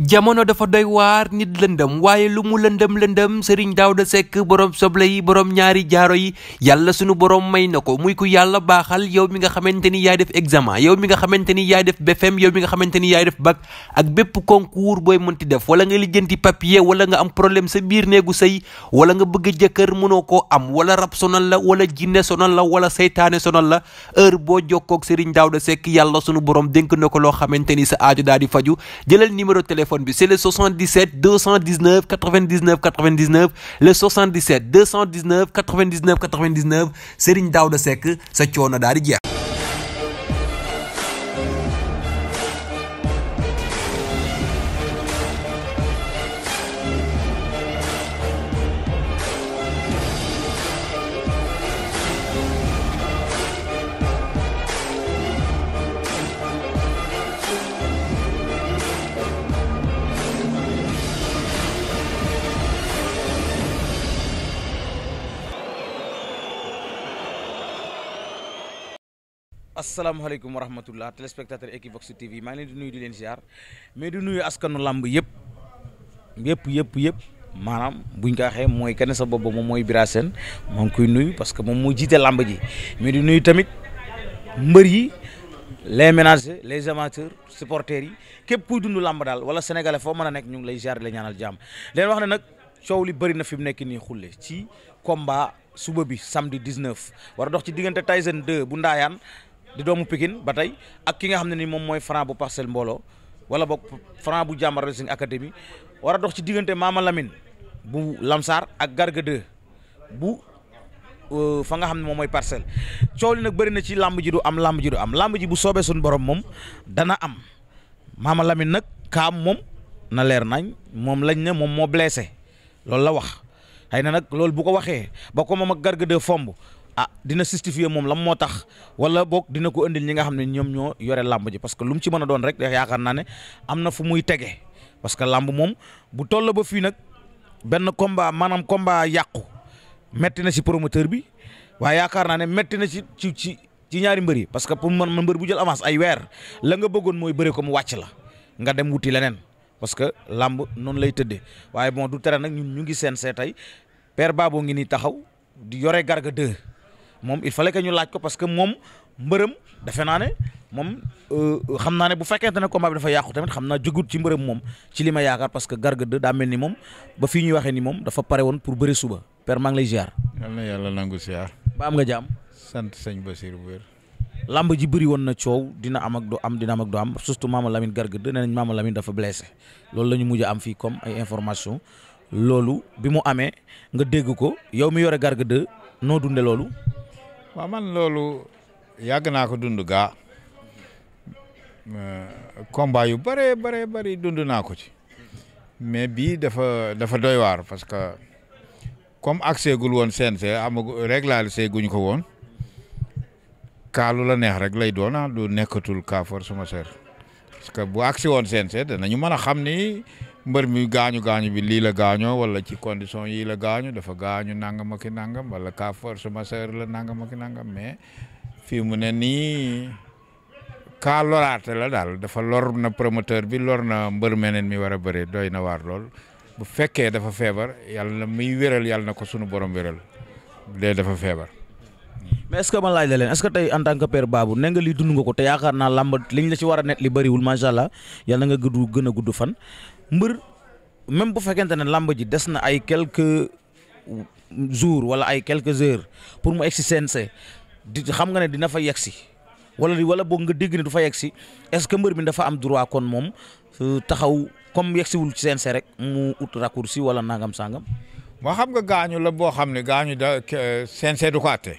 jamono dafa doy waar nit lëndëm waaye lu mu lëndëm lëndëm Serigne da sekk borom soble yi borom ñaari jaaro yi yàlla sunu borom may na ko muy ku yàlla baaxal yow mi nga xamante ni yaay def examen yow mi nga xamante ni yaay def BFM e yow mi nga xamante ni yaay def bac ak bépp concours booy mënti def wala nga lijjanti papier wala nga am problème sa biir néegu sëy wala nga bëgg jëkkër mënoo koo am wala rab sonal la wala jinne sonal la wala seytaane sonal la heure boo jokkoog Serigne Daouda Seck yàlla sunu borom dénk na ko loo xamante ni sa aajo daal di faju jëlal numéro téléphone téléphone bi c'est le 77 219 99 99 le 77 219 99 99 Serigne Daouda Seck sa coono daal di jeex. asalaamaaleykum wa rahmatullah téléspectateur Equivox TV maa ngi leen di nuyu di leen ziar mais di nuyu askanu làmb yëpp yëpp yëpp maanaam buñ ko waxee mooy kenn sa bopp moom mooy Bira Sène maa ngi koy nuyu parce que moom moo jiite làmb ji mais di nuyu tamit mbër yi les ménagers les amateurs supporters yi képp kuy dund làmb daal wala sénégalais foo mën a nekk ñu ngi lay ziar la ñaanal jàmm leen wax na nag coow li bëri na fi mu nekk nii xulle ci combat suba bi samedi 19 war a dox ci diggante Tyson bu Ndaayaan di doomu pikin ba tey ak ki nga xam ne ni moom mooy Franc bu Parcelles Mbooloo wala boog Franc bu Jàmbaar Wrestling Academy war wara dox ci diggante Mama Lamine bu Lamsar ak Garga bu euh, fa nga xam ne moom mooy parcelle coow li nag bëri na ci làmb ji du am làmb ji du am làmb ji bu soobee suñu borom moom dana am Mama Lamine nag kaam moom na leer nañ moom lañ ne moom moo blessé loolu la wax xëy na nag loolu bu ko waxee ba ko moom ak Garga fomb ah dina justifier moom lam moo tax wala boog dina ko indil ñi nga xam ne ñoom ñoo yore lamb ji parce que lu mu ci mën a doon rek yaakaar naa ne am na fu muy tege parce que làmb moom bu toll ba fii nag benn combat maanaam combat yàqu metti na si promoteur bi waaye yaakaar naa ne metti na ci ci ci ñaari mbër yi parce que pour man mbër bu jël avance ay weer la nga bëggoon mooy bëre ko mu wàcc la nga dem wuti leneen parce que làmb noonu lay tëddee waaye bon du tere nag ñun ñu ngi seen see tey père Babou ngi nii taxaw di yore garga moom il fallait que ñu laaj ko parce que moom mbërëm defe naa ne moom euh, xam naa ne bu fekkente ne combat bi dafa yàqu tamit xam naa jógut ci mbërëm moom ci li ma yaakaar parce que gargade daa mel ni moom ba fii ñu waxee ni moom dafa pare woon pour bëri suba père maa ngi lay ziar. yal na ba am nga jaam. sant sëñ Basir bu wér. lamb ji bëri woon na coow dina am ak du am dina am ak du am surtout Mama Lamine gargade nee nañ Mama Lamine dafa blessé loolu la ñu mujj am fii comme ay information loolu bi mu amee nga dégg ko yow mi yore gargade noo dunde loolu. waaw man loolu yàgg naa ko dund gaa euh, combat yu bëree bëree bëri dund naa ko ci mais bii dafa dafa doy waar parce que comme accès gul woon CNG amagu régularisé guñ ko woon kaa la neex rek lay doon ah du nekkatul kaa for suma ser parce que bu accès woon CNG danañu mën a xam ni. mbër mi gaañu gaañu bi lii la gaañoo wala ci condition yii la gaañu dafa gaañu nangam ak i nangam wala ka force majeure la nangam ak i nangam mais fii mu ne nii kaa loraate la daal dafa lor na promoteur bi lor na mbër meneen mi war a bëri doy na waar lool bu fekkee dafa feebar yàlla na muy wéral yàlla na ko sunu borom wéral dee dafa feebar. mais est ce que ma laaj la leen est ce que tey en tant que père Babou ne nga lii dund nga ko te yaakaar naa làmb liñ la ci war a net li bëriwul macha allah yàlla nga gudd gën a gudd fan mbër même bu fekkente ne làmb ji des na ay quelque jour wala ay quelques heures pour mu egg si di xam nga ne dina fa yegg si wala wala boog nga dégg ne du fa yegg si est-ce que mbër mi dafa am droit kon moom euh, taxaw comme yegg siwul ci CNG rek mu ut raccourci wala nangam sangam. moo xam nga gaañu la boo xam ne gaañu da CNG du ko àtte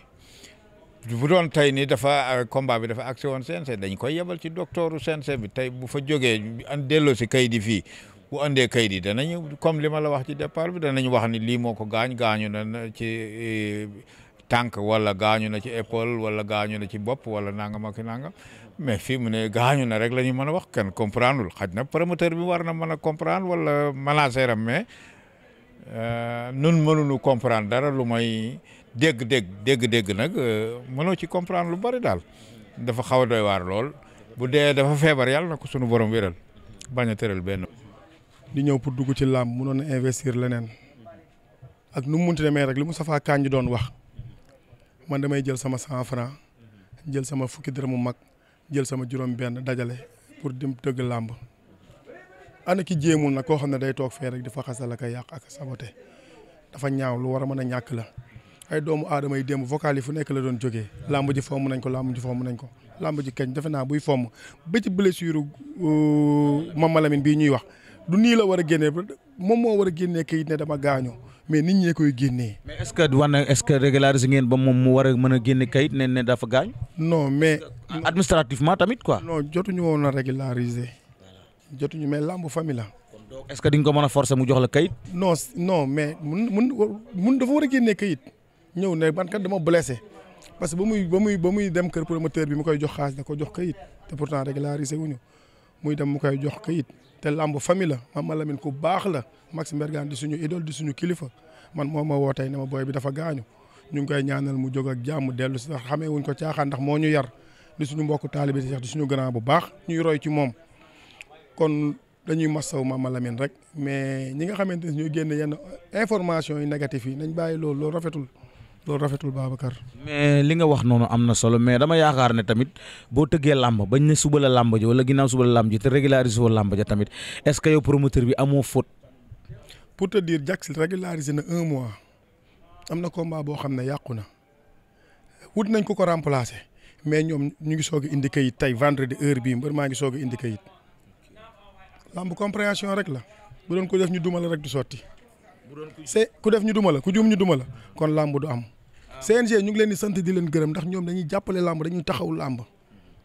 bu doon tey nii dafa euh, combat bi dafa accès woon CNG dañ koy yebal ci docteuru CNG bi tey bu fa jógee an delloo si kayit yi fii bu andee kayit yi danañu comme li ma la wax ci départ bi danañu wax ni lii moo ko gaañ gaañu na ci e, tànk wala gaañu na ci épaule wala gaañu na ci bopp wala nangam ak nangam mais fii mu ne gaañu na rek la ñu mën a wax kenn comprendre lul xaj na promoteur bi war na mën a comprendre wala manager am mais euh, nun mënuñu comprendre dara lu may dégg-dégg dégg-dégg nag euh, mënoo ci comprendre lu bari daal dafa xaw a doy waar lool bu dee dafa feebar yàlla na ko sunu borom wéral bañ a di ñëw pour dugg ci làmb mënoon na investir leneen ak nu mu munti demee rek li mu safaa kànj doon wax man damay jël sama cent franc jël sama fukki dërëm mu mag jël sama juróom-benn dajale pour dim tëgg làmb ana ki jéemul nag koo xam ne day toog fee rek di fa xasal ak a yàq ak sabote dafa ñaaw lu war a mën a ñàkk la ay doomu aadama yi démb vocal yi fu nekk la doon jógee làmb ji fomm nañ ko làmb ji fomm nañ ko làmb ji kañ defe naa buy fomm ba ci blessure euh, Mama Lamine bii ñuy wax du nii la war a génnee moom moo war a génnee kayit ne dama gaañoo mais nit ñee koy génne mais est-ce que war na est-ce que régulariser ngeen ba moom mu war a mën a génne kayit ne ne dafa gaañ. non mais. administrativement tamit quoi. non jotuñu woon a régulariser. jotuñu mais làmb famille la. donc que di nga ko mën a forcer mu jox la kayit. non non mais mun mun mun dafa war a génnee kayit ñëw ne man kat dama blessé parce que ba muy ba muy ba muy dem kër promoteur bi mu koy jox xaalis da ko jox kayit te pourtant wu wuñu muy dem mu koy jox kayit. te làmb famille la Mama Lamine ku baax la Max Mbergane di suñu idole di suñu kilifa man moo ma woo tey ne ma booy bi dafa gaañu ñu ngi koy ñaanal mu jóg ak jàmm dellu si ndax xamee wuñ ko caaxaan ndax moo ñu yar di suñu mbokku taalibe di di suñu grand bu baax ñuy roy ci moom kon dañuy masta masaw Mama Lamine rek mais ñi nga xamante ne ñooy génn yenn information yi négatif yi nañ bàyyi loolu loolu rafetul loolu rafetul Babacar. mais li nga wax noonu am na solo mais dama yaakaar ne tamit boo tëggee làmb bañ ne suba la làmb ji wala ginnaaw suba la làmb ji te régularisé woo làmb ja tamit est ce que yow promoteur bi amoo faute. pour te dire Jax régularisé na un mois am na combat boo xam ne yàqu na wut nañ ko ko remplacer mais ñoom ñu ngi soog a indi kayit tey vendredi heure bii mbër maa ngi soog a indi kayit làmb compréhension rek la bu doon ko def ñu dumala rek du sotti. c'est ku def ñu duma la ku juum ñu duma la kon làmb du am. Ah. CNG ñu ngi leen di sant di leen gërëm ndax ñoom dañuy jàppale làmb dañuy taxaw làmb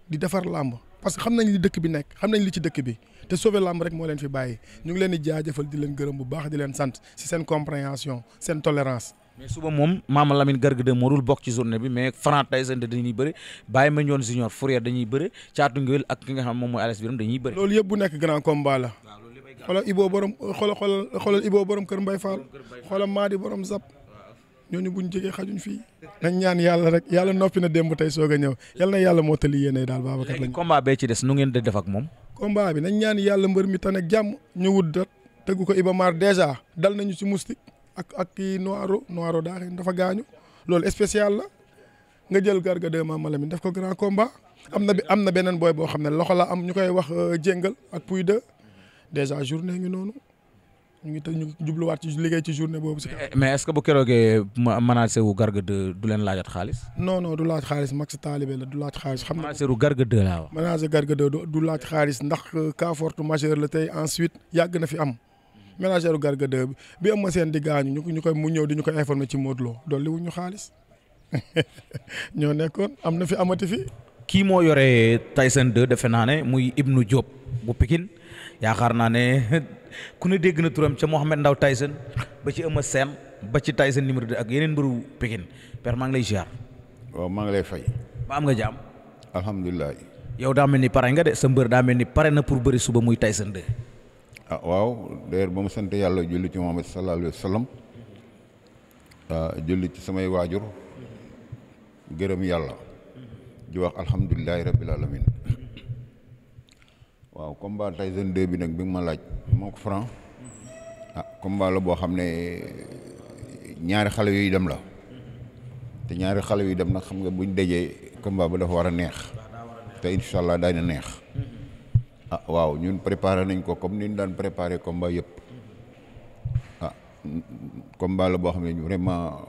di defar làmb parce que xam nañ li dëkk bi nekk xam nañ li ci dëkk bi te sauver làmb rek moo leen fi bàyyi ñu ngi leen di jaajëfal di leen gërëm bu baax di leen sant si seen compréhension seen tolérance. suba moom Mama Lamine Garga de moo dul bokk ci journée bi mais Franc Tyson dañuy bëre Baye Mandione Junior yëpp bu xoolal Ibou borom xoolal xoolal xoolal Ibou borom Kër Mbay Fall xoolal Maadi borom Zap ñooñu buñ jegee xajuñ fii. nañ ñaan yàlla rek yàlla noppi na démb tey soog ñëw yal yàlla moo tali yéene daal Babacar lañ. ko bee ci des nu ngeen di def ak moom. combat bi nañ ñaan yàlla mbër mi tane ak jàmm ñu wut dat tëggu ko ibo Mar dèjà dal nañu ci moustique ak ak kii noiro noiro daaxee dafa gaañu loolu spécial la nga jël garga de Mama Lamine def ko grand combat am na am na beneen booy boo xam ne loxo la am ñu koy wax euh, jéngal ak puy de déjà journée ngi noonu ñu ngi te ñu jubluwaat ci liggéey ci journée boobu. si mais est ce que bu keroogee manager wu Garga du leen laajat xaalis. non non du laaj xaalis Max Talibé la du laaj xaalis. xam nga manager wu Garga 2 du laaj xaalis ndax cas force majeure la tey ensuite yàgg na fi am. manager wu Garga 2 bi am ma seen di gaañu ñu ñu koy mu ñëw di ñu koy informer ci Modou Lo wu ñu xaalis ñoo nekkoon am na fi amati fi. kii moo yore Tyson 2 defe naa ne muy Ibnu Diop bu yaakaar naa ne ku ne dégg na turam ca Mouhamed Ndaw Tyson ba ci Eumeu Sène ba ci Tyson numéro 2 ak yeneen mbëru Pikine père maa ngi lay ziar. waaw maa ngi lay fay. ba am nga jàmm. alhamdulilah. yow daa mel ni pare nga de sa mbër daa mel ni pare na pour bëri suba muy Tyson 2. Ah, waaw d'ailleurs ba mu sant yàlla julli ci Muhammad sallallahu alayhi wa sallam ah, ci samay waajur gërëm yàlla di wax alhamdulilahi rabbil alamin waaw combat Tyson 2 bi nag bi nga ma laaj moo ko franc ah combat la boo xam ne ñaari xale yuy dem la te ñaari xale yuy dem nag xam nga buñ dajee combat ba dafa war a neex te incha allah daañu neex ah waaw ñun préparé nañ ko comme nu ñu daan préparé combat yëpp ah combat la boo xam ne vraiment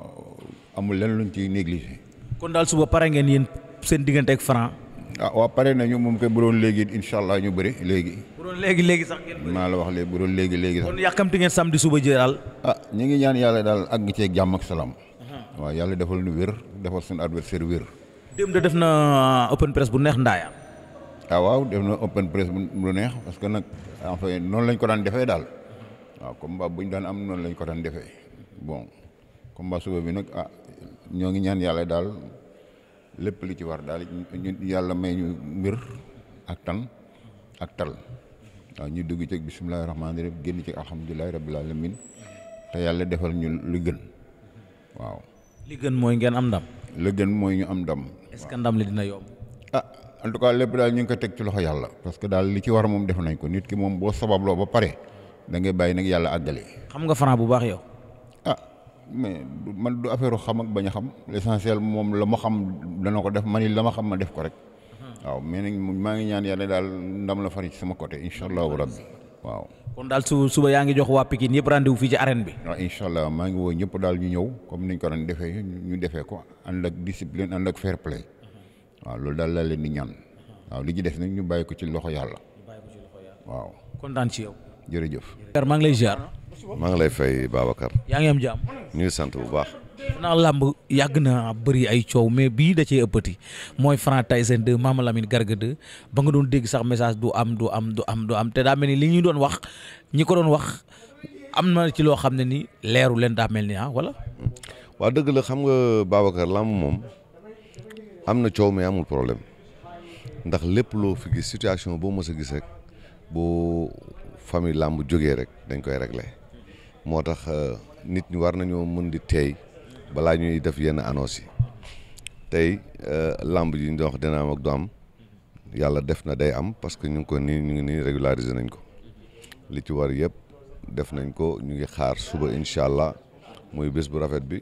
amul lenn luñ ciy négligé. kon daal suba pare ngeen yéen seen diggante ak franc. ah waaw pare nañu moom kay bu doon léegi incha allah ñu bëri léegi. bu doon léegi léegi sax maa la wax léegi bu doon léegi léegi sax. kon yàkkamti ngeen samedi suba ji daal. ah ñu ngi ñaan yàlla daal àgg ceeg jàmm ak uh-huh. waaw yàlla defal nu wér defal suñu adversaire wér. démb de def na uh, open press bu neex ndaaya. ah waaw def na open press bu neex parce que nag en noonu lañ ko daan defee daal uh-huh. waaw combat bu ñu daan am noonu lañ ko daan defee bon combat suba bi nag ah ñoo ngi ñaan yàlla daal. lépp li ci war daal ñu yàlla may ñu mbir ak tan ak tal waaw ñu dugg ci bisimilahi rahmaani rahim génn ci alhamdulilahi rabbil alamin te yàlla defal ñu lu gën waaw. li gën mooy ngeen am ndam. li gën mooy ñu am ndam. est-ce ndam li dina yomb. a ah, en tout cas lépp daal ñu ngi ko teg ci loxo yàlla. parce que daal li ci war moom def nañ ko nit ki moom boo sababloo ba pare dangay bàyyi nag yàlla àggale. xam nga Franc bu baax yow. Ah. mais man du affaire xam ak bañ a xam l'essentiel moom la ma xam dana ko def man it la ma xam ma def ko rek. waaw mais nag maa ngi ñaan yàlla daal ndam la fari ci sama côté incha allahu rabbi waaw. kon daal su suba yaa ngi jox waa ñëpp rendez fii ci arène bi. waaw incha maa ngi woo ñëpp daal ñu ñëw comme niñ ko doon defee ñu defee ko ànd ak discipline ànd ak fair play waaw loolu daal laa leen di ñaan waaw li ci des nag ñu bàyyi ko ci loxo yàlla. waaw kontaan ci yow. jërëjëf. maa ngi lay ziar. maa ngi lay fay Babacar. yaa ngi am jàmm. ñu sant bu baax. naa làmb yàgg na bëri ay coow mais bii da ce ëppati mooy Franc Tyson 2 Mama Lamine Garga 2 ba nga doon dégg sax message du am du am du am du am te daa mel ni li ñu doon wax ñi ko doon wax am na ci loo xam ne ni leeru leen daa mel ni ah wala. waa dëgg la xam nga Babacar làmb moom am na coow mais amul problème ndax lépp loo fi gis situation boo mës a gis rek boo famille làmb jógee rek dañ koy régler. moo tax euh, nit ñi war nañoo mën di teey balaa ñuy def yenn annonce yi tey euh, lamb yi ñu wax dina am ak du am yàlla def na day am parce que ñu ngi ko nii ñu ngi nii régulariser nañ ko li ci war yëpp def nañ ko ñu ngi xaar suba incha allah muy bés bu rafet bi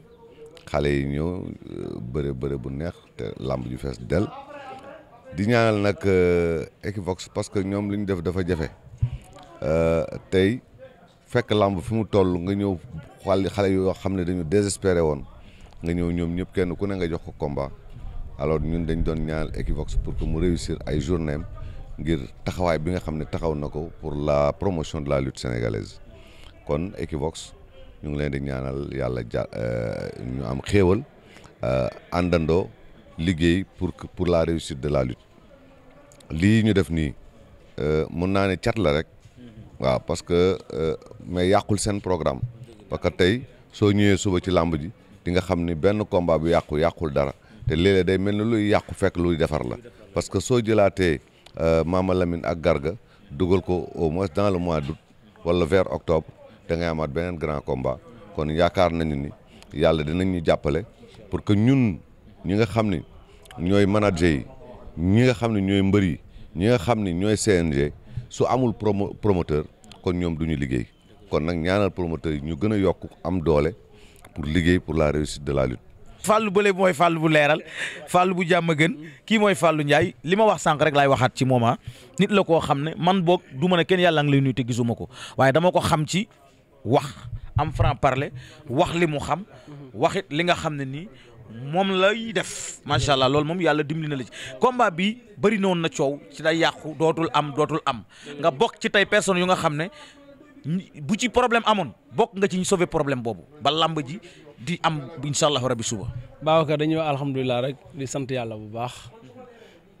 xale yi ñëw euh, bëre bëre bu neex te lamb ju fees del di ñaanal nag Equivox parce que ñoom li ñu def dafa jafe tey. fekk làmb fi mu toll nga ñëw xale xale yoo xam ne dañu désespéré woon nga ñëw ñoom ñëpp kenn ku ne nga jox ko combat alors ñun dañ doon ñaanal Equivox pour que mu réussir ay journée ngir taxawaay bi nga xam ne taxaw na ko pour la promotion de la lutte sénégalaise kon Equivox ñu ngi leen di ñaanal yàlla ja euh, ñu am xéewal euh, àndandoo liggéey pour pour la réussite de la lutte lii ñu def nii euh, mun naa ne cat la rek. waaw parce que euh, mais yàqul seen programme parce que tey soo ñëwee suba ci làmb ji di nga xam ni benn combat bu yàqu yàqul dara te léeg day mel ni luy yàqu fekk luy defar la parce que soo jëlaatee euh, Mama Lamine ak Garga dugal ko au moins dans le mois d'août wala vers octobre da ngay amaat beneen grand komba kon yaakaar nañu ni yàlla dinañ ñu jàppale pour que ñun ñi nga xam ni ñooy manager yi ñi nga xam ni ñooy mbër yi ñi nga xam ni ñooy CNG. su amul promo promoteur kon ñoom du ñu liggéey kon nag ñaanal promoteur yi ñu gën a yokk am doole pour liggéey pour la réussite de la lutte. fàllu bële mooy fàllu bu leeral fàllu bu jàmm gën kii mooy fàllu Ndiaye li ma wax sànq rek laay waxaat ci mooma ah. nit la koo xam ne man boo du ma ne kenn yàlla ngi lay nuyu te gisuma ko waaye dama ko xam ci wax am franc parler wax li mu xam waxit li nga xam ne nii moom lay def macha allah loolu moom yàlla dimbali na la ci combat bi bëri noonu na coow ci day yàqu dootul am dootul am nga bokk ci tey personne yu nga xam ne bu ci problème amoon bokk nga ci ñu sauver problème boobu ba làmb ji di am incha allahu rabi suba. Babacar dañuy alhamdulilah rek di sant yàlla bu baax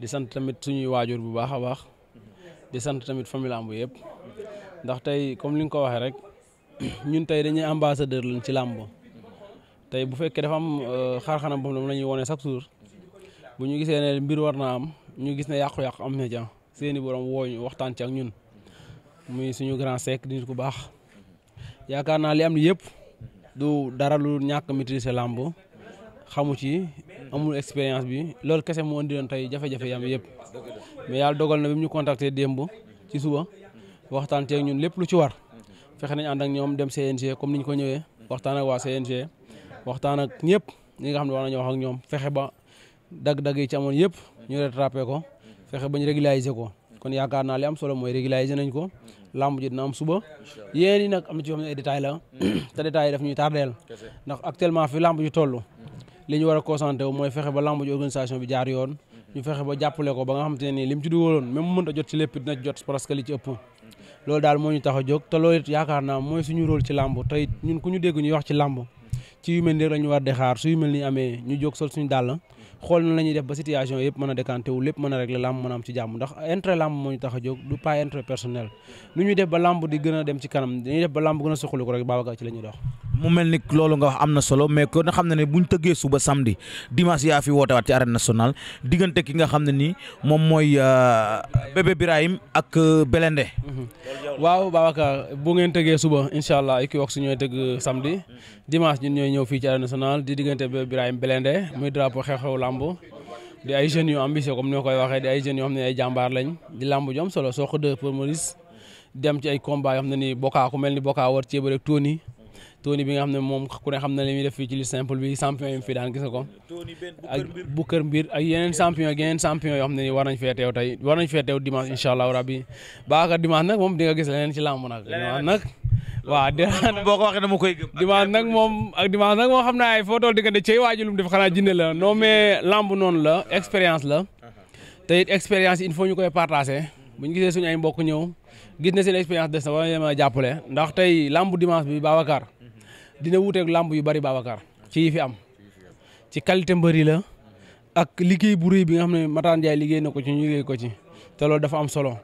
di sant tamit suñuy waajur bu baax a baax di sant tamit famille làmb yëpp ndax tey comme li nga ko waxee rek ñun tey dañuy ambassadeur lañ ci làmb tey bu fekkee dafa am euh, xaar-xanam boobu moom la wone chaque jour bu ñu gisee ne mbir war naa am ñu gis ne yàqu-yàqu am na ca seeni borom woo ñu waxtaan ci ak ñun muy suñu grand sec di nit ku baax yaakaar naa li am li yëpp du dara lu ñàkk maîtriser làmb xamu ci amul expérience bi loolu kese moo indi doon tey jafe-jafe yam yëpp mais yàlla dogal na bi ñu contacté démb ci suba waxtaan ceeg ñun lépp lu ci war fexe nañ ànd ak ñoom dem CNG comme niñ ko ñëwee waxtaan waxtaan ak ñëpp li nga xam ne war nañoo wax ak ñoom fexe ba dag dagg yi ci amoon yëpp ñu rattrapé ko fexe ba ñu régulariser ko kon yaakaar naa li am solo mooy régulariser nañ ko làmb ji dina am suba yéen yi nag am na ci yoo xam ne la mm. te détails yi daf ñuy tardeel ndax actuellement fi làmb ji toll mm-hmm. li ñu war a concentré wu mooy fexe ba làmb ji organisation bi jaar yoon mm-hmm. ñu fexe ba jàppale ko ba nga xam te ne nii lim ci dugaloon même mënut a jot ci lépp dina jot parce que li ci ëpp mm-hmm. loolu daal moo tax a jóg te yaakaar naa mooy suñu rôle ci làmb te it ñun ku ñu dégg ñuy wax ci làmb ci yu mel nii rek la ñu war xaar su yu mel ni amee ñu jog sol suñu dàll xool na la ñuy def ba situation yëpp mën a décanté wu lépp mën a régler làmb mën a am ci jàmm ndax intérêt làmb moo tax a jóg du pas intérêt personnel nu ñuy def ba làmb di gën a dem ci kanam dañuy def ba làmb gën a suqaliku rek Babacar ci la ñuy dox mu mel ni loolu nga wax am na solo mais kon xam na ne bu ñu tëggee suba samedi dimanche yaa fi woote waat ci arène nationale diggante ki nga euh, euh, Belende. Mhm. muy drapeau xew-xew làmb di ay jeunes yu ambitieux ni koy waxee di ay jeunes xam ne ay jàmbaar lañ di làmb solo soo ko dee dem ci ay combat yoo xam ne ni Boka ku xam ne moom ku ne xam li simple bi champion yi xam ne ni war nañ fee teew tey war nañ rabbi baax dimanche nag moom di nga gis leneen ci làmb nag. waaw dimanche boo ko waxee dama koy gëm. dimanche nag moom ak dimanche nag moom xam naa ay foo toll di nga ne cey waaju lu xanaa jinne la non mais lamb noonu la expérience la te it il faut ñu koy partager bu ñu gisee suñu ay mbokk ñëw gis na seen expérience des na war nañu leen jàppale ndax tey lamb dimanche bi Babacar dina wuuteeg lamb yu bari Babacar ci fi am ci qualité mbëri la ak liggéey bu rëy bi nga xam ne Matane liggéey na ko ci ñu ko ci te loolu dafa am solo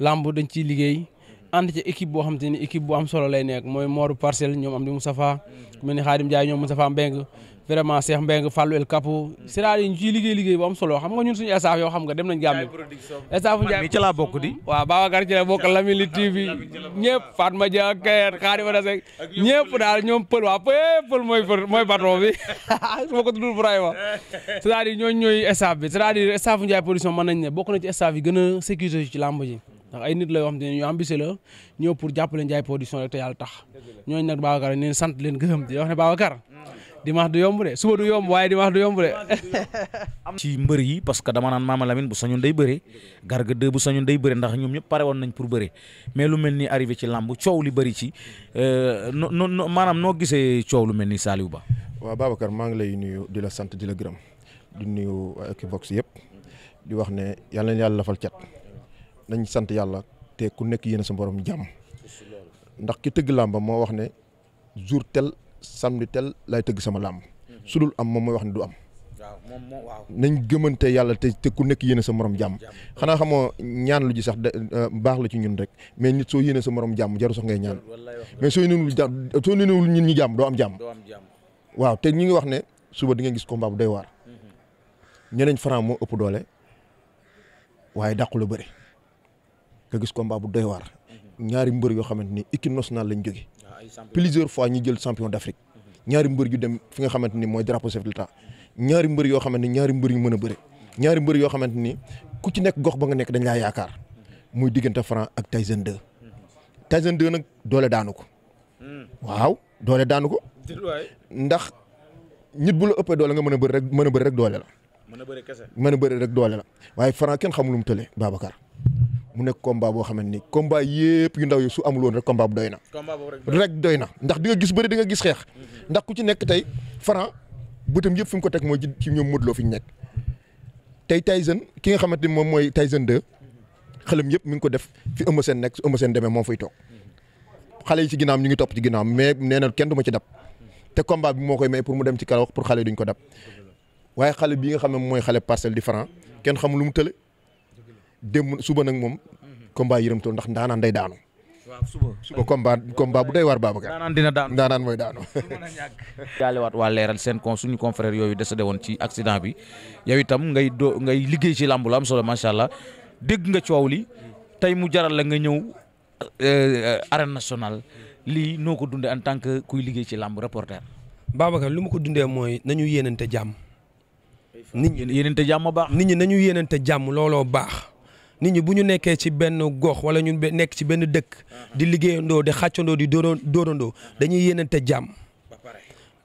lamb dañ ciy liggéey. ànd ci équipe boo xam ni équipe bu am solo lay nekk mooy Mooru Parcelles ñoom am di Moustapha mel ni Khadim Ndiaye ñoom Moustapha Mbeng vraiment Cheikh Mbeng Fallou El Capo siraat liggéey liggéey bu am solo xam nga ñun suñu staff yoo xam nga dem nañ Gambie staff Ndiaye ci laa bokk di waaw Babacar ci la bokk Lamine Li TV ñoom pël waa pël mooy pël mooy baton bi su ma ko tuddul Ibrahima c'est-à-dire ñooñu ñooy staff bi c'est-à-dire production mën nañ ne bokk na ci staff gën a sécuriser ci làmb ji ndax ay nit la yoo xam te ne ñu ambissé la ñëw pour jàppale Ndiaye production rek te yàlla tax ñooñu nag Babacar ñu sant leen gërëm di wax ne Babacar dimanche yomb de suba yomb waaye dimanche du yomb de. ci mbër yi parce que dama naan Mama Lamine bu sañoon day bëre Garga 2 bu day bëre ndax ñoom ñëpp pare woon nañ pour bëre mais lu mel ni arrivé ci làmb coow li bëri ci euh, no no maanaam noo gisee coow lu mel ni Saliou Ba. waaw Babacar maa ngi lay nuyu di la sant di la gërëm di nuyu Equivox yëpp di wax ne yàlla na yàlla lafal cat. nañ sant yàlla te ku nekk yéen sa borom jàmm ndax ki tëgg làmba moo wax ne jour tel samedi tel lay tëgg sama làmb mhm. su dul am moom mooy wax ne du am. nañ gëmante yàlla te te ku nekk yéene sa morom jàmm xanaa xamoo ñaan lu ji sax euh, baax la ci ñun rek mais nit soo yéene sa moroom jàmm jaru sax ngay ñaan mais soo yéenewul jàmm soo yéenewul ñun ñi jàmm doo am jàmm waaw te ñu ngi wax ne suba di nga gis combat bu doy waar mhm. ñeneen Franc moo ëpp doole waaye dàqu la bëri nga gis combat bu doy waar ñaari mbër yoo xamante ni équipe nationale lañ jóge ah, plusieurs fois ñu jël champion d'Afrique ñaari mbër yu dem fi nga xamante ni mooy drapeau chef de l'État ñaari mbër yoo xamante ñaari mbër yu mën a bëre ñaari mbër yoo xamante ni ku ci nekk gox ba nga nekk dañ laa yaakaar muy diggante Franc ak Tyson 2 Tyson 2 nag doole daanu ko hmm. waaw doole daanu ko ndax nit bu la ëppee doole nga mën a bëri rek mën a bëri rek doole la mën a bëri rek doole la waaye Franc kenn xamul lu mu tëlee Babacar mu nekk combat boo xamante ni combat yëpp yu ndaw yi su amul woon rek combat bu doy na. combat boobu rek doy na ndax di nga gis bëri di nga gis xeex. Mhm. ndax ku ci nekk tey Franc bëtam yëpp fi mu ko teg mooy ci ñoom Modou fi ñu nekk. tey Tyson ki nga xamante ni moom mooy Tyson 2 xelam yëpp mi ngi ko def fi Eumeu seen nekk su Eumeu Sène demee moom fay toog xale yi ci ginnaam ñu ngi topp ci am mais nee na kenn du ma ci dab te combat bi moo koy may pour mu dem ci kaw pour xale duñ ko dab waaye xale bii nga xam ne mooy xale parcelle di Franc kenn xamul lu mu tële démb suba nag moom. combat yërëm tool ndax ndaanaan day daanu. suba suba combat combat bu day war Babacar. ndaanaan dina daanu ndaanaan mooy daanu. jaalewaat waa leeral seen con suñu confrère yooyu décédé woon ci accident bi yow itam ngay do ngay liggéey ci làmb lu am solo macha allah dégg nga coow li tey mu jaral la nga ñëw euh, arène national lii noo ko dundee en tant que kuy liggéey ci làmb reporter. Babacar lu ma ko dundee mooy nañu yéenante jàmm. nit ñi yéenante jàmm baax. nit ñi nañu te jàmm looloo baax. nit ñi bu ñu nekkee ci benn gox wala ñu nekk ci benn dëkk uh-huh. di liggéeyandoo di xàccandoo di doorandoo uh-huh. dañuy yéenante jàmm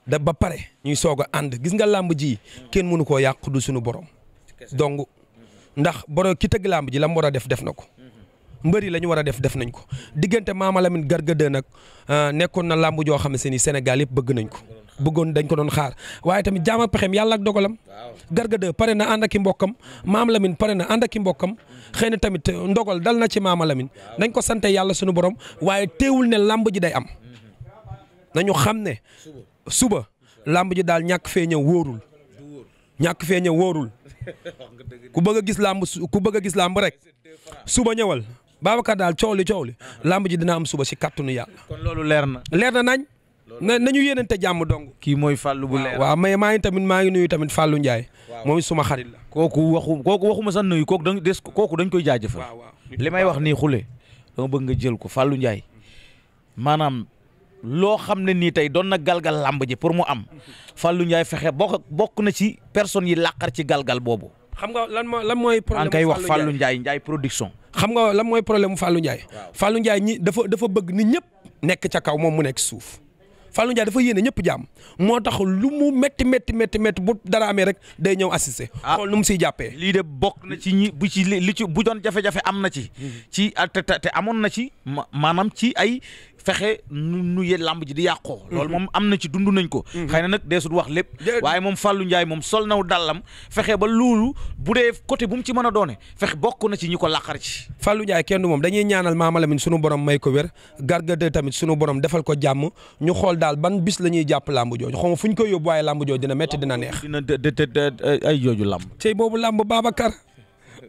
da ba pare ñuy soog a ànd gis nga làmb ji uh-huh. kenn mënu koo yàq du suñu borom donc ndax borom ki tëgg làmb ji la mu war a def def na ko mbëri la ñu war a def def nañ ko diggante Maama Lamine Garga 2 nag euh, nekkoon na làmb joo xam ne ni Sénégal yëpp bëgg nañ ko bëggoon dañ ko doon xaar waaye tamit jaam pexem yàlla ak dogalam. Garga pare na ànd ak mbokkam maam Lamine pare na ànd ak mbokkam xëy na tamit eh, ndogal dal na ci maama Lamine dañ ko sante yàlla sunu borom waaye teewul ne làmb ji day am mhm. nañu xam ne suba làmb ji daal ñàkk fee ñëw wóorul ñàkk fee ñëw ku bëgg gis làmb ku bëgg a gis lamb rek suba ñëwal Babacar daal coow li coow li làmb ji dina am suba si kàttanu yàlla. leer na leer na nañu te jàmm dong. kii mooy Fallou bu leer waaw mais maa ngi tamit maa ngi nuyu tamit Fallou Ndiaye. waaw moom suma xarit la. kooku waxu kooku waxuma sax nuyu kooku dañ des kooku dañ koy jaajëfal. li may wax nii xule dama bëgg nga jël ko Fallou Ndiaye maanaam loo xam ne nii tey doon na galgal làmb ji pour mu am Fallou Ndiaye fexe bokk bokk na ci personnes yi làqar ci galgal boobu. xam nga lan mooy lan mooy problème kay wax Fallou Ndiaye Ndiaye production. xam nga lan mooy problème mu Fallou Ndiaye. Fallou Ndiaye ñi dafa dafa bëgg nit ñëpp nekk ca kaw moom mu nekk suuf. Fallou Ndiaye dafa yéene ñëpp jàmm moo tax lu mu métti métti métti métti bu dara amee rek day ñëw assister. Ah. xool nu mu siy jàppee. lii de bokk na ci ñi bu ci li ci bu doon jafe-jafe am na ci. Mm-hmm. ci ah, te amoon na ci maanaam ci ay. fexe nu nu yee làmb ji di yàqoo mhm. loolu moom am na ci dund nañ ko mhm. xëy na nag su deesut wax lépp waaye moom Fallou njaay moom sol naw dàllam fexe ba loolu bu dee côté bu mu ci mën a doone fexe bokk na ci ñi ko làqar ci Fallou Ndiaye kenn du moom dañuy ñaanal Mama Lamine sunu borom may ko wér gargade tamit sunu borom defal ko jàmm ñu xool daal ban bis la ñuy jàpp làmb jooju xaw ma fu ñu koy yóbbu waaye làmb jooju dina metti dina neex dina ay jooju làmb tey boobu làmb Babacar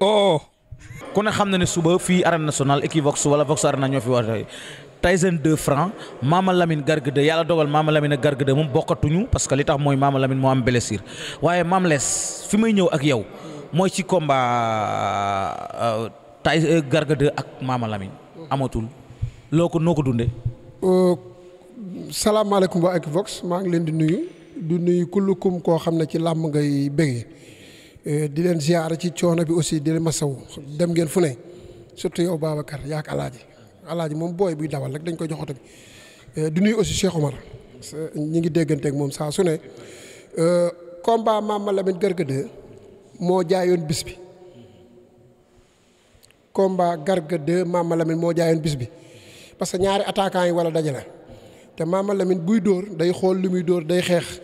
oh ku ne xam na ne suba fii arène nationale Equivox wala Vox Arena ñoo fi wax Tyson 2 franc maam Lamine Garga 2 yàlla dogal Mama Lamine ak Garga 2 moom bokkatuñu parce que li tax mooy Mama Lamine moo am blessure waaye Mame Less fi may ñëw ak yow mooy ci combat euh, Tyson euh, Garga 2 ak Mama Lamine amatul loo ko noo ko dundee. Euh, salaamaaleykum waa Equivox maa ngi leen di nuyu du nuyu kullukum koo xam ne ci làmb ngay bëggee di leen ziar ci coono bi aussi di leen masawu dem ngeen fu ne surtout yow Babacar yaa ak Alaaji alaaji moom booy buy dawal rek dañ koy jox oto bi euh, di nuyu aussi Cheikh Omar ñi ngi dégganteeg moom saa su ne euh, combat Mama Lamine Garga 2 moo jaayoon bis bi combat Garga 2 Mama Lamine moo jaayoon bis bi parce que ñaari attaquant yi wala dajale te Mama Lamine buy dóor day xool li muy dóor day xeex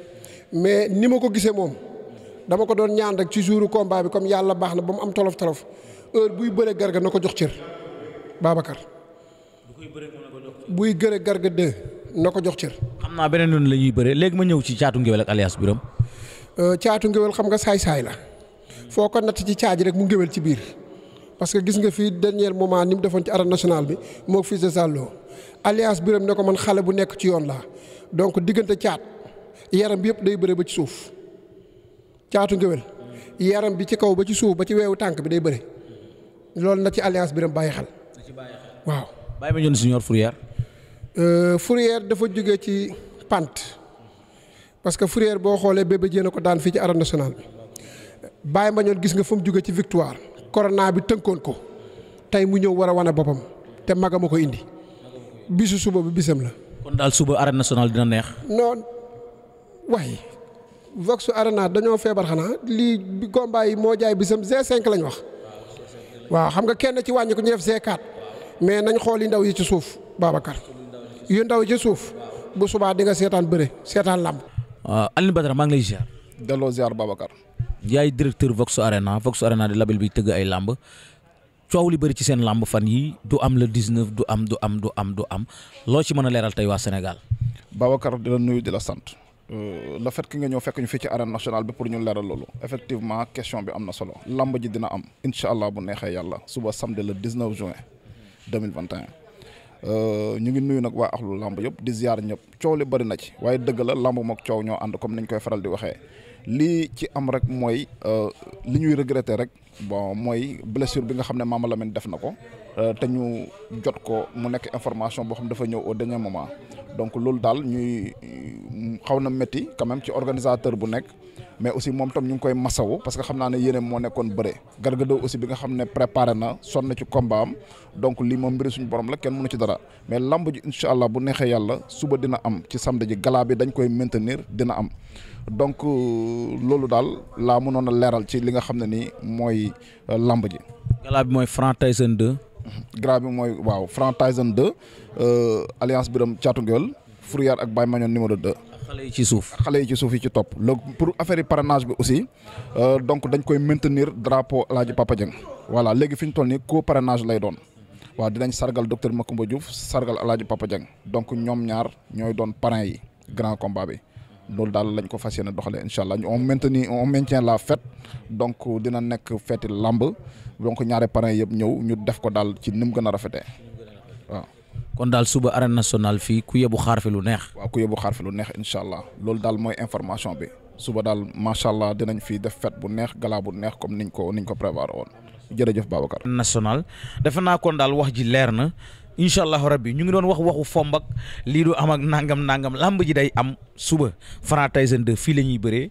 mais ni ma ko gisee moom dama ko doon ñaan rek ci jouru combat bi comme yàlla baax na ba mu am tolof tolof heure buy bëre Garga na ko jox cër Babacar buy gëre garga de na ko jox cër. xam naa beneen yoon la ñuy bëree léegi ma ñëw ci caatu ngéwél ak alias biram euh, caatu ngéwél xam nga saay-saay la foo ko natt ci caaji rek mu ngéwél ci biir parce que gis nga fii dernier moment ni mu defoon ci arène nationale bi moo fils de Zallo alias biram ne ko man xale bu nekk ci yoon laa donc diggante caat yaram bi yëpp day bëre ba ci suuf caatu ngéwél yaram bi ci kaw ba ci suuf ba ci weewu tànk bi day bëre loolu na ci alias biram bàyyi xel waaw Baye Mandione Junior Fourière. Fourière euh, dafa jóge ci pant parce que Fourière boo xoolee bébé jéen ko daan fii ci arène bàyyi ma Mandione gis nga fa jóge ci victoire corona bi tënkoon ko tey mu ñëw war a wane boppam te magama ko indi bisu suba bi bisam la. kon daal suba arène national dina neex. non waaye Vox Arena dañoo feebar xanaa lii bi yi moo jaay bisam G5 lañ wax waaw xam nga kenn ci wàññi ñu def G4. mais nañ xool yi ndaw yi ci suuf Babacar yu ndaw yi ci suuf bu subaa di nga seetaan bëre seetaan làmb. Ah, Alioune Badara maa ngi lay ziar. delloo ziar Babacar. yaay directeur Vox Arena Vox Arena di label bi tëgg ay làmb coow li bëri ci seen làmb fan yii du am le 19 du am du am du am du am loo ci mën a leeral tey waa Sénégal. Babacar di nuyu di sant. Euh, le fait nga ñëw fekk ñu fii ci arène nationale bi pour ñu leeral loolu effectivement question bi am na solo lamb ji dina am incha allah bu neexee yàlla suba samedi le 19 juin 2021 euh, ñu ngi nuyu nag waa axlu lamb yëpp di ziar ñëpp coow li bëri na ci waaye dëgg la lamb moog coow ñoo ànd comme niñ koy faral di waxee lii ci am rek mooy euh, li ñuy regretter rek bon mooy blessure bi nga xam ne Mama Lamine def na ko euh, te ñu jot ko mu nekk information boo xam dafa ñëw au dernier moment donc loolu daal ñuy xaw na métti quand ci organisateur bu nekk. mais aussi moom tam ñu ngi koy masawu parce que xam naa ne yéene moo nekkoon bëre Garga 2 aussi bi nga xam ne préparé na son na ci combat am donc lii moom mbiri suñu borom la kenn mënu ci dara mais lamb ji incha allah bu neexee yàlla suba dina am ci samedi ji galaa bi dañ koy maintenir dina am donc euh, loolu daal laa mënoon a leeral ci li nga xam ne ni mooy euh, lamb ji. galaa bi mooy Franc Tyson 2. galaa bi mooy waaw Franc Tyson 2 euh, alliance biram caatu ngéwél Fourière ak Baye Mañon numéro 2. xale yi ci suuf xale yi ci suuf yi ci topp léegi pour affaire yi bi aussi euh, donc dañ koy mentenir drapeau El Hadj Papa léegi fi ñu toll nii co parrainage lay doon waaw dinañ sargal docteur Macoumba Diouf sargal El Hadj donc ñoom ñaar ñooy doon parrain yi grand combat bi loolu daal lañ ko fas yéene doxalee incha allah on maintenir on maintient la fête donc dina nekk fête lamb donc ñaare parrain yëpp ñëw ñu def ko daal ci ni mu gën a rafetee waaw. kon daal suba arène nationale fii ku yebu xaar lu neex. waaw ku yebu xaar lu neex incha allah loolu daal mooy information bi suba daal macha allah dinañ fi def fet bu neex gala bu neex comme niñ ko niñ ko prévoir woon jërëjëf ka national defe naa kon daal wax ji leer na. incha allahu rabbi ñu ngi doon wax waxu fomb ak lii du am nangam nangam làmb ji day am suba Franc Tyson 2 fii la ñuy bëree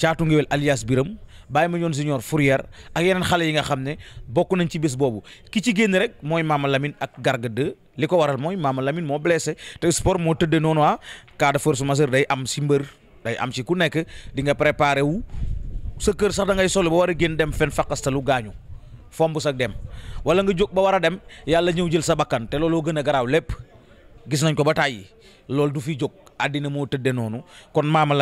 caatu ngéwél alias biram Baye Mandione Junior Fourière ak yeneen xale yi nga xam ne bokk nañ ci bés boobu ki ci génn rek mooy Mama Lamine ak Garga 2 li ko waral mooy Mama Lamine moo blessé te sport moo tëddee noonu ah cas de force day am si mbër day am si ku nekk di nga préparé wu sa kër sax da ngay solo ba war a génn dem fenn faqastalu gaañu fomb sax dem wala nga jóg ba war a dem yàlla ñëw jël sa bakkan te looloo gën a garaaw lépp gis nañ ko ba tàyyi loolu du fi jóg àddina moo tëddee noonu kon Mama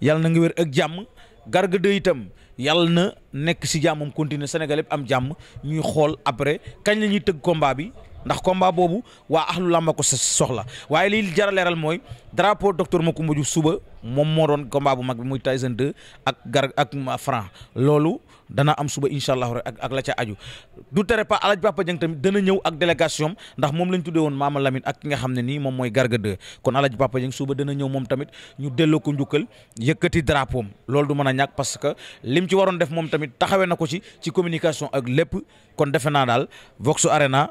yàlla na nga ak jàmm. garga de itam yàlla na nekk si jàmmam continuer Sénégal yëpp am jàmm ñuy xool après kañ la ñuy tëgg combat bi ndax combat boobu waa axlu làmba ko soxla waaye lii jaraleeral a leeral mooy drapeau docteur Macoumba Diouf suba moom moo doon combat bu mag bi muy Tyson 2 ak gar ak Franc loolu. dana am suba incha allah rek ak la ca aju du tere pas alaj papa jëng tamit dana ñëw ak délégation ndax moom lañ tuddee woon maamalamin ak ki nga xam ne nii moom mooy Garga 2 kon alaj papa jëng suba dana ñëw moom tamit ñu delloo ko njukkal yëkkati drapeau loolu du mën a ñàkk parce que lim ci waroon def moom tamit taxawe na ko ci ci communication ak lépp kon defe naa daal Vox Arena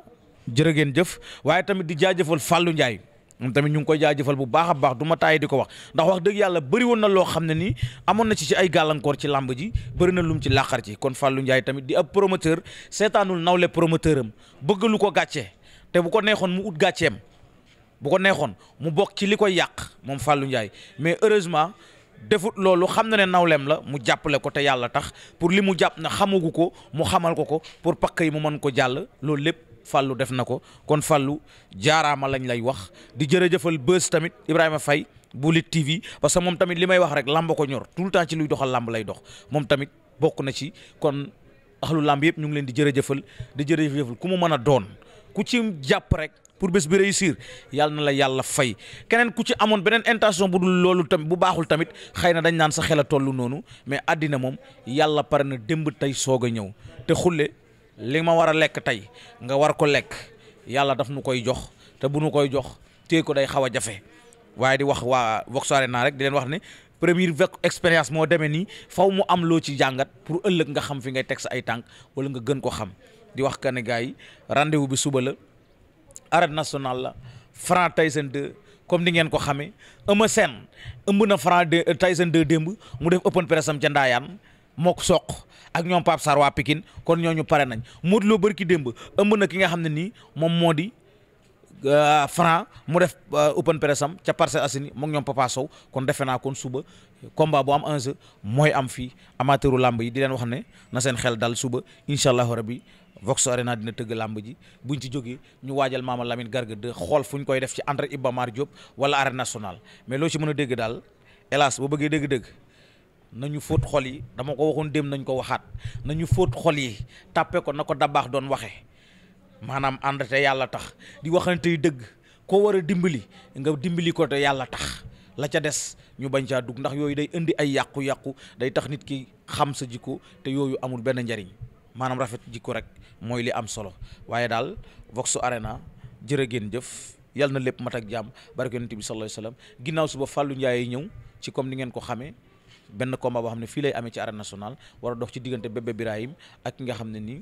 jërë ngeen jëf waaye tamit di jaajëfal fallu Ndiaye. moom tamit ñu ngi koy jaajëfal bu baax a baax du ma di ko wax ndax wax dëgg yàlla bëri woon na loo xam ne nii amoon na ci ci ay gàllankoor ci làmb ji bëri na lum ci làqar ci kon Fallou Ndiaye tamit di ab promoteur seetaanul nawle promoteur am bëgg lu ko gàccee te bu ko neexoon mu ut gàcceem bu ko neexoon mu bokk ci li koy yàq moom fàllu Ndiaye mais heureusement defut loolu xam na ne nawleem la mu jàppale ko te yàlla tax pour li mu jàpp na xamagu ko mu xamal ko ko pour pakk yi mu mën ko jàll loolu lépp. fàllu def na ko kon fallu jaaraama lañ lay wax di jërëjëfal bës tamit Ibrahima Faye bu Lutte TV parce que moom tamit li may wax rek làmb ko ñor tout le temps ci luy doxal làmb lay dox moom tamit bokk na ci kon axlu làmb yëpp ñu ngi leen di jërëjëfal di jërëjëfal ku mu mën a doon ku ci jàpp rek pour bés bi réussir yàlla na la yàlla fay keneen ku ci amoon beneen intention bu dul loolu tamit bu baaxul tamit xëy na dañ naan sa xel a toll noonu mais àddina moom yàlla pare na démb tey soog a ñëw te xulle li ma war a lekk tey nga war ko lekk yàlla daf nu koy jox te bu nu koy jox téye ko day xaw a jafe waaye di wax waa Vox naa rek di leen wax ne première expérience moo demee nii faw mu am loo ci jàngat pour ëllëg nga xam fi ngay teg sa ay tànk wala nga gën ko xam di wax que ne gars yi rendez-vous bi suba la arène nationale la Franc Tyson 2 comme ni ngeen ko xamee Eumeu Sène ëmb na Franc Tyson 2 démb mu def open press am ca mook soq ak ñoom Pape Sarr waa Pikine kon ñooñu pare nañ Modou Lo bërki démb ëmb na ki nga xam ne nii moom moo di euh, Franc mu def euh, open press am ca Parcelles Assainies mook ñoom Papa Sow kon defe naa kon suba combat bu am enjeu mooy am fii amateuru làmb yi di leen wax ne na seen xel dal suba incha allahu rabbi Vox Arena dina tëgg làmb ji buñ ci jógee ñu waajal Maama Lamine Garga de xool fu ñu koy def ci André Iba Mar Diop wala arène nationale mais loo ci mën a dégg daal hélas boo bëggee dégg-dégg nañu fóot xol yi dama ko waxoon dem nañ ko waxaat nañu fóot xol yi tàppe ko na ko dabaax doon waxe maanaam ànd te yàlla tax di waxante dëgg koo war a dimbali nga dimbali ko te yàlla tax la ca des ñu bañ caa dugg ndax yooyu day indi ay yàqu-yàqu day tax nit ki xam sa jikko te yooyu amul benn njariñ maanaam rafet jikko rek mooy li am solo waaye daal Vox Arena a ngeen jëf yal na lépp mat ak jàmm barke yonent bi sallallahu alayhi ginnaaw suba Fallou Ndiaye ñëw ci comme ni ngeen ko xamee. benn combat boo xam ne fii lay amee ci arène nationale war a dox ci diggante Bébé Birahim ak ki nga xam ne nii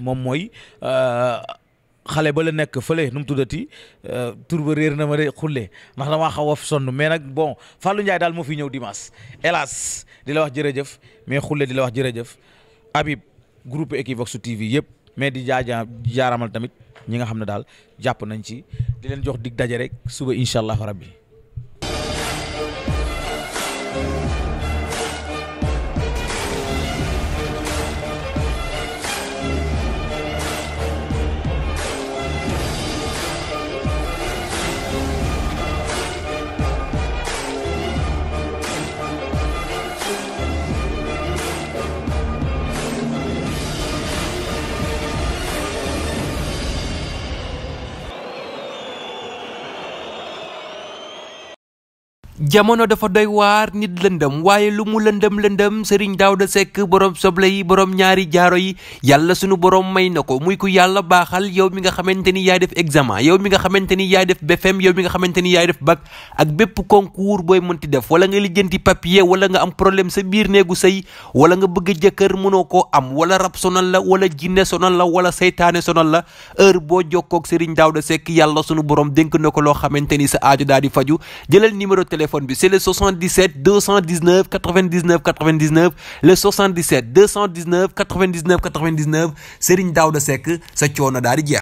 moom mooy euh, xale ba la nekk fële nu mu tuddati euh, tur ba réer na ma de xulle ndax damaa xaw a sonn mais nag bon Fallou Ndiaye daal moo fi ñëw dimanche hélas di la wax jërëjëf mais xulle di la wax jërëjëf Habib groupe Equivox TV yëpp mais di jaajaa jaaramal tamit ñi nga xam ne daal jàpp nañ ci di leen jox dig daje rek suba incha allah rabbi jamono dafa doy waar nit lëndëm waaye lu mu lëndëm lëndëm Serigne Daouda sekk borom soble yi borom ñaari jaaro yi yàlla sunu borom may na ko muy ku yàlla baaxal yow mi nga xamante ni yaay def examen yow mi nga xamante ni yaay def BFM e yow mi nga xamante ni yaay def bac ak bépp concours booy mënti def wala nga lijjanti papier wala nga am problème sa biir néegu sëy wala nga bëgg jëkkër mënoo koo am wala rab sonal la wala jinne sonal la wala seytaane sonal la heure boo jokkoog Serigne Daouda Seck yàlla sunu borom dénk na ko loo xamante ni sa aajo daal di faju jëlal numéro téléphone téléphone bi c' est le 77 219 99 99 le 77 219 99 99 Serigne Daouda Seck sa coono daal di jeex.